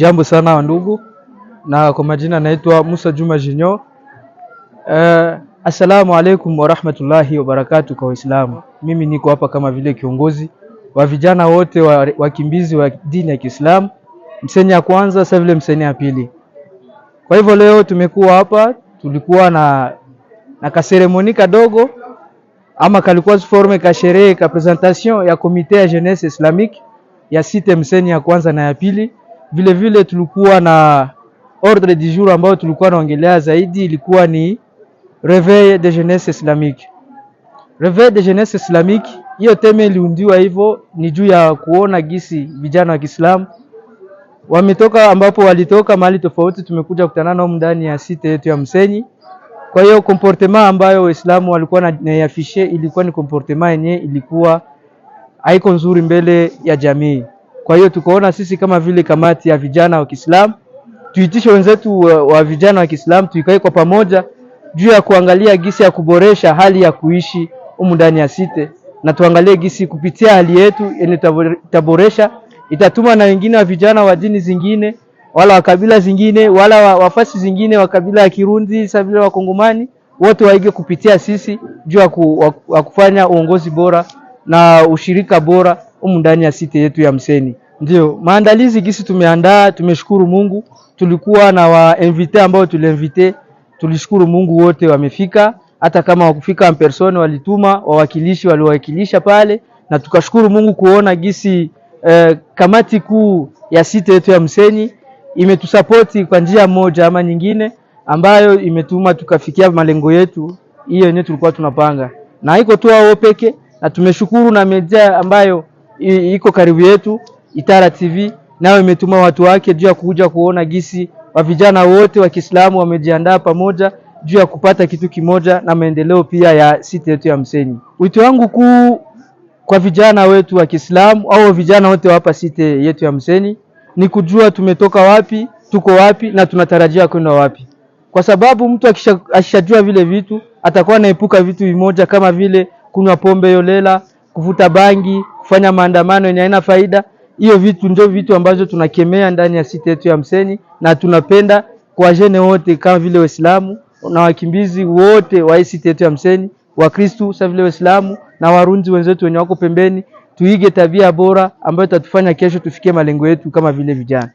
Jambo sana wa ndugu, na kwa majina naitwa Musa Juma Jinyo. Uh, assalamu alaikum warahmatullahi wabarakatu kwa Waislamu. Mimi niko hapa kama vile kiongozi wa vijana wote wakimbizi wa, dini ya Kiislamu msenyi ya kwanza, sasa vile msenyi ya pili. Kwa hivyo leo tumekuwa hapa, tulikuwa na na kaseremoni kadogo ama kalikuwa forme ka sherehe ka presentation ya komite ya jeunesse islamique ya site mseni ya kwanza na ya pili vile vile tulikuwa na ordre du jour ambayo tulikuwa naongelea zaidi, ilikuwa ni reveil de jeunesse islamique. Reveil de jeunesse islamique, hiyo teme iliundiwa hivyo ni juu ya kuona gisi vijana wa Kiislamu wametoka ambapo walitoka mahali tofauti, tumekuja kukutana nao ndani ya site yetu ya Msenyi. Kwa hiyo comportement ambayo Waislamu walikuwa naafishe ilikuwa ni comportement yenye ilikuwa haiko nzuri mbele ya jamii. Kwa hiyo tukaona sisi kama vile kamati ya vijana wa Kiislamu tuitishe wenzetu wa, uh, wa vijana wa Kiislamu tuikae kwa pamoja juu ya kuangalia gisi ya kuboresha hali ya kuishi humu ndani ya site, na tuangalie gisi kupitia hali yetu yenye itaboresha itatuma na wengine wa vijana wa dini zingine wala wa kabila zingine wala wafasi zingine wa kabila ya Kirundi sa vile Wakongomani wote waige kupitia sisi juu ya kufanya uongozi bora na ushirika bora humu ndani ya site yetu ya Mseni. Ndio maandalizi gisi tumeandaa, tumeshukuru Mungu. Tulikuwa na wainvite ambao tuliinvite, tulishukuru Mungu wote wamefika, hata kama wakufika en persone, walituma wawakilishi, waliwakilisha pale, na tukashukuru Mungu kuona gisi eh, kamati kuu ya site yetu ya Msenyi imetusapoti kwa njia moja ama nyingine, ambayo imetuma tukafikia malengo yetu hiyo yenyewe tulikuwa tunapanga, na iko tu wao peke, na tumeshukuru na media ambayo iko karibu yetu Itara TV nayo imetuma watu wake juu ya kuja kuona gisi wa vijana wote wa Kiislamu wamejiandaa pamoja juu ya kupata kitu kimoja na maendeleo pia ya site yetu ya Mseni. Wito wangu kuu kwa vijana wetu wa Kiislamu au vijana wote hapa site yetu ya Mseni ni kujua tumetoka wapi, tuko wapi na tunatarajia kwenda wapi, kwa sababu mtu akishajua vile vitu atakuwa anaepuka vitu vimoja kama vile kunywa pombe yolela, kuvuta bangi kufanya maandamano yenye haina faida. Hiyo vitu ndio vitu ambazo tunakemea ndani ya site yetu ya mseni na tunapenda kwa jene wote kama vile Waislamu na wakimbizi wote wa site yetu ya Mseni, Wakristu sa vile Waislamu na Warundi wenzetu wenye wako pembeni, tuige tabia bora ambayo itatufanya kesho tufikie malengo yetu kama vile vijana.